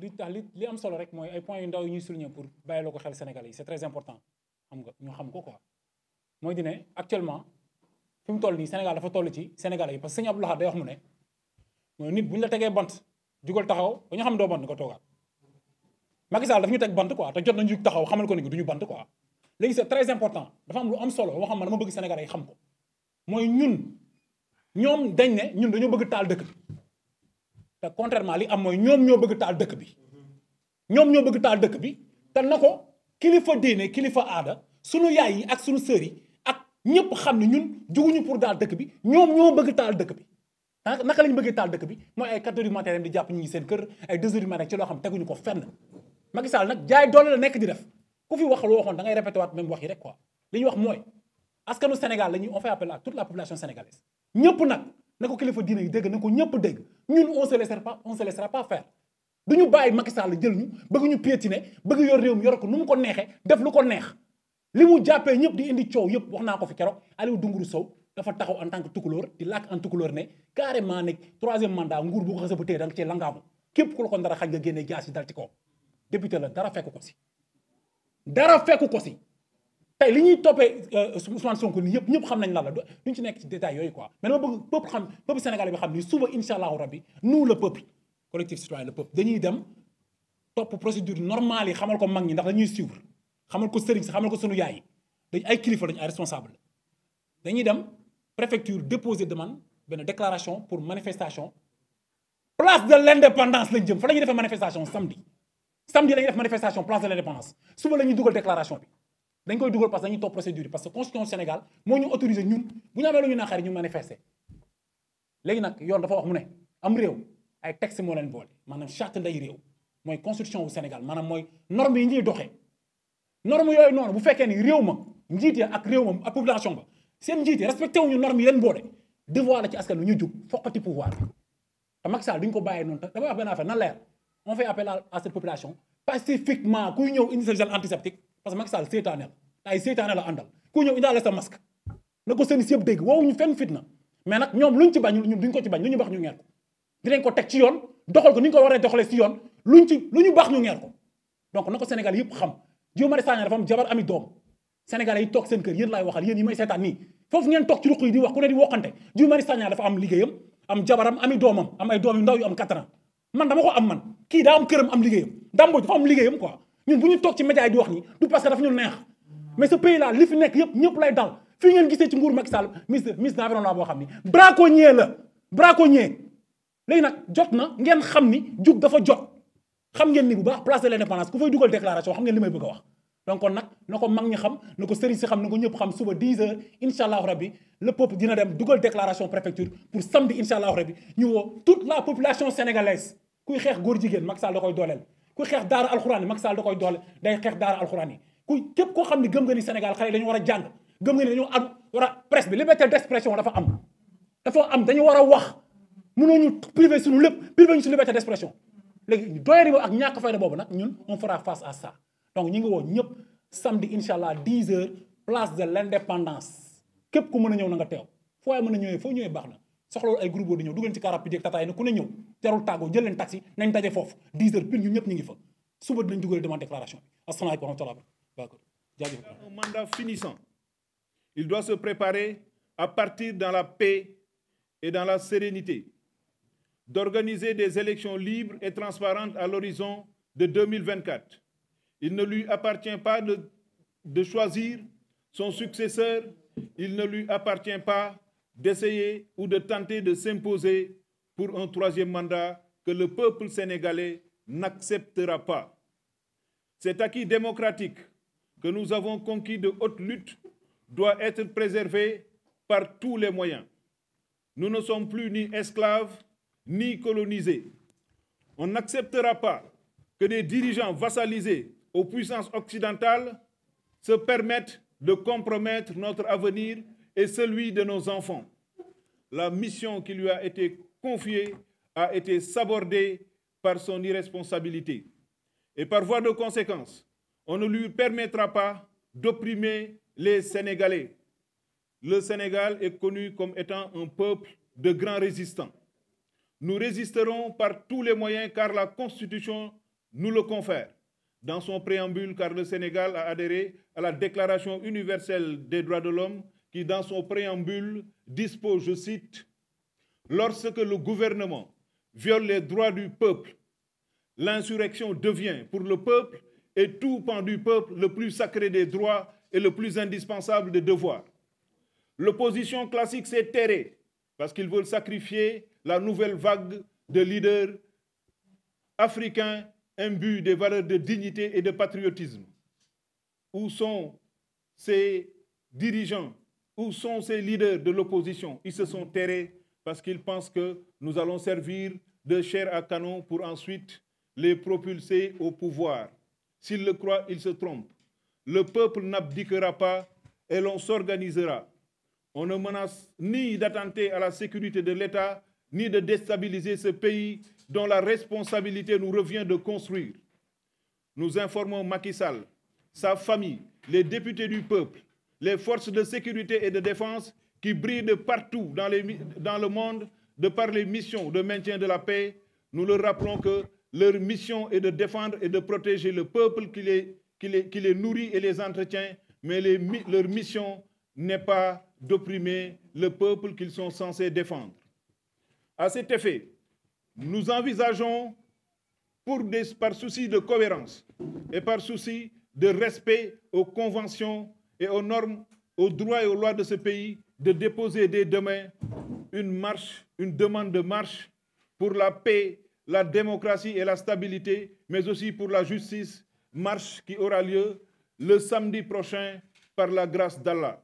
li tax li li am solo rek mooy ay points yu ndaw yu ñuy souligner pour bàyyi la ko xel Sénégalais yi c'est très important xam nga ñu xam ko quoi. mooy di ne actuellement fi mu toll nii Sénégal dafa toll ci sénégal yi parce que sëñ Abdou Lahad day wax mu ne mooy nit bu ñu la tegee bant jugal taxaw ba ñu xam doo bant nga toogaat. Macky Sall dafa ñu teg bant quoi jot nañu taxaw xamal ko ni du ñu bant quoi léegi c'est très important dafa am lu am solo boo xam ne dama bëgg Sénégalais ay xam ko mooy ñun ñoom dañ ne ñun dañoo bëgg taal dëkk te contrairement li am mooy ñoom ñoo bëgg taal dëkk bi ñoom ñoo bëgg taal dëkk bi te na ko kilifa diine kilifa aada sunu yaay yi ak sunu sœur yi ak ñëpp xam ne ñun juguñu pour daal dëkk bi ñoom ñoo bëgg taal dëkk bi. naka la ñu taal dëkk bi mooy ay 4 di jàpp ñu ngi seen kër ay 2 heures du matin ci ko fenn Macky Sall nag jaay doole la nekk di def ku fi wax loo waxoon ngay répété waat même wax yi rek quoi li wax mooy askanu Sénégal la ñuy on fait appel à la population sénégalaise ñëpp nag na ko kilifa diine yi dégg na ko ñëpp dégg ñun on se laissera pas on se laissera du ñu bàyyi Macky Sall jël ñu bëgg ñu piétiner bëgg yor réew yor ko nu mu ko neexee def lu ko neex li mu jàppee ñëpp di indi coow yëpp wax naa ko fi keroog Aliou Dunguru Sow dafa taxaw en tant que tukulóor di làkk en tukulóor ne carrément nag troisième mandat nguur bu ko xasee ba téye da nga cee langaamu képp ku la ko ndara xaj nga génnee jaas yi dal ci kaw député la dara fekk ko si dara fekk ko si tey li ñuy toppee euh, Ousmane Sonko nii yëpp ñëpp xam nañ lan la duñ ci nekk ci détail yooyu ko mais dama bëgg peuple xam peuple sénégalais bi xam ni suba insha allahu rabbi nous la peuple collectif citoyen le peuple dañuy dem topp procédure normale yi xamal ko mag ñi ndax dañuy suivre xamal ko sëriñ si xamal ko sunu yaay dañ ay kilifa lañ ay responsable dañuy dem préfecture déposer demand benn déclaration pour manifestation place de l' lañ jëm fa la ñuy defee manifestation samedi samedi la ñuy def manifestation suba la ñuy dugal déclaration bi dañ koy dugal parce que dañuy topp procédure yi parce que constitution Sénégal moo ñu autorisé ñun bu ñu amee lu ñu naqari ñu manifester léegi nag yoon dafa wax ne am réew ay texte moo boole maanaam charte nday réew mooy constitution wu Sénégal maanaam mooy norme yi ñuy doxee norme yooyu noonu bu fekkee ni réew ma njiite ak réew ma ak population ba seen njiite respecté wuñu norme yi leen boole devoir la ci askan wi ñu jug foqati pouvoir bi te Macky Sall ko bàyyee noonu te dafa wax benn affaire na leer on fait appel à ñëw indi sa gel parce que Macky Sall seytaane la te ay seytaane la àndal ku ñëw indaale sa masque na ko seen yëpp dégg woowuñu fenn fitna mais nag ñoom luñ ci ci bañ lu ñu baax ñu ngeer ko dinañ ko teg ci yoon doxal ko ni ko waree doxalee ci yoon lu ñu baax ñu ngeer ko donc na ko Sénégal yëpp xam Guy Marius Sagna dafa am jabar ami doom Sénégalais yi toog seen kër yéen laay waxal yéen yi may seetaan nii foofu ngeen toog ci ruq yi di wax ku ne di woqante Guy Marius Sagna liggéeyam am jabaram ami doomam am ay doom yu yu am 4 man dama ko am man kii daa am këram am liggéeyam Dame Mbodj dafa am liggéeyam quoi ñun bu ñu toog ci média yi di wax ni du parce que dafa ñu neex mais ce pays là li fi nekk yëpp ñëpp lay dal fii ngeen gisee ci nguur Macky Sall ministre ministre de l'environnement boo xam ni braconnier la braconnier léegi nag jot na ngeen xam ni jug dafa jot xam ngeen ni bu baax place de l'indépendance ku fay dugal déclaration xam ngeen li may bëgg a wax donc kon nag na ko mag ñi xam na ko sëriñ si xam na ko ñëpp xam suba 10 heures incha allahu rabbi le dina dem dugal déclaration préfecture pour samedi incha allahu rabbi ñu woo toute la population sénégalaise kuy xeex góor jigéen Macky Sall da koy dooleel ku xeex daara alxuraan yi Macky Sall da koy doole day xeex daara alxuraan yi ku képp koo xam ne gëm nga ni Sénégal xale yi dañu war a jàng gëm nga ni dañu am war a presse bi liberté d'expression dafa am dafa am dañu war a wax mënooñu privé suñu lépp privé ñu suñu liberté d'expression léegi doyari boobu ak ñàkk fayda boobu nag ñun on fera face à sa donc ñu ngi woo ñëpp samedi incha allah 10 heures place de l'indépendance képp ku mën a ñëw na nga teew foo mën a ñëwee foo ñëwee baax na soxlawul ay groupe di ñëw dugal ci car rapide ak tataay ku ne ñëw terul tàggoo jël leen taxi nañ daje foofu 10 heures ñu ñëpp ñu ngi fa suba dinañ dugal demande déclaration bi asalaamaaleykum wa rahmatulah d'accord jaajëf un à partir dans la paix et dans la sérénité d'organiser des élections libres et transparentes à l'horizon de 2024 il ne lui appartient pas de, de choisir son successeur il ne lui appartient pas d'essayer ou de tenter de s'imposer pour un troisième mandat que le peuple sénégalais n'acceptera pas. Cet acquis démocratique que nous avons conquis de haute lutte doit être préservé par tous les moyens. Nous ne sommes plus ni esclaves ni colonisés. On n'acceptera pas que des dirigeants vassalisés aux puissances occidentales se permettent de compromettre notre avenir et celui de nos enfants. La mission qui lui a été confiée a été sabordée par son irresponsabilité. Et par voie de conséquence, on ne lui permettra pas d'opprimer les Sénégalais. Le Sénégal est connu comme étant un peuple de grands résistants. Nous résisterons par tous les moyens car la Constitution nous le confère. Dans son préambule, car le Sénégal a adhéré à la Déclaration universelle des droits de l'homme qui, dans son préambule, dispose, je cite, Lorsque le gouvernement viole les droits du peuple, l'insurrection devient pour le peuple et tout pan du peuple le plus sacré des droits et le plus indispensable des devoirs. L'opposition classique s'est terrée parce qu'ils veulent sacrifier la nouvelle vague de leaders africains imbus des valeurs de dignité et de patriotisme. Où sont ces dirigeants Où sont ces leaders de l'opposition Ils se sont terrés parce qu'ils pensent que nous allons servir de chair à canon pour ensuite les propulser au pouvoir. S'ils le croient, ils se trompent. Le peuple n'abdiquera pas et l'on s'organisera. On ne menace ni d'attenter à la sécurité de l'État, ni de déstabiliser ce pays dont la responsabilité nous revient de construire. Nous informons Macky Sall, sa famille, les députés du peuple, les forces de sécurité et de défense qui brillent de partout dans, les, dans le monde de par mission de maintien de la paix, nous leur rappelons que leur mission est de défendre et de protéger le peuple qui les, qui les, qui nourrit et les entretient, mais les, leur mission n'est pas d'opprimer le peuple qu'ils sont censés défendre. À cet effet, nous envisageons, pour des, par souci de cohérence et par souci de respect aux conventions et aux normes, aux droits et aux lois de ce pays de déposer dès demain une marche, une demande de marche pour la paix, la démocratie et la stabilité, mais aussi pour la justice, marche qui aura lieu le samedi prochain par la grâce d'Allah.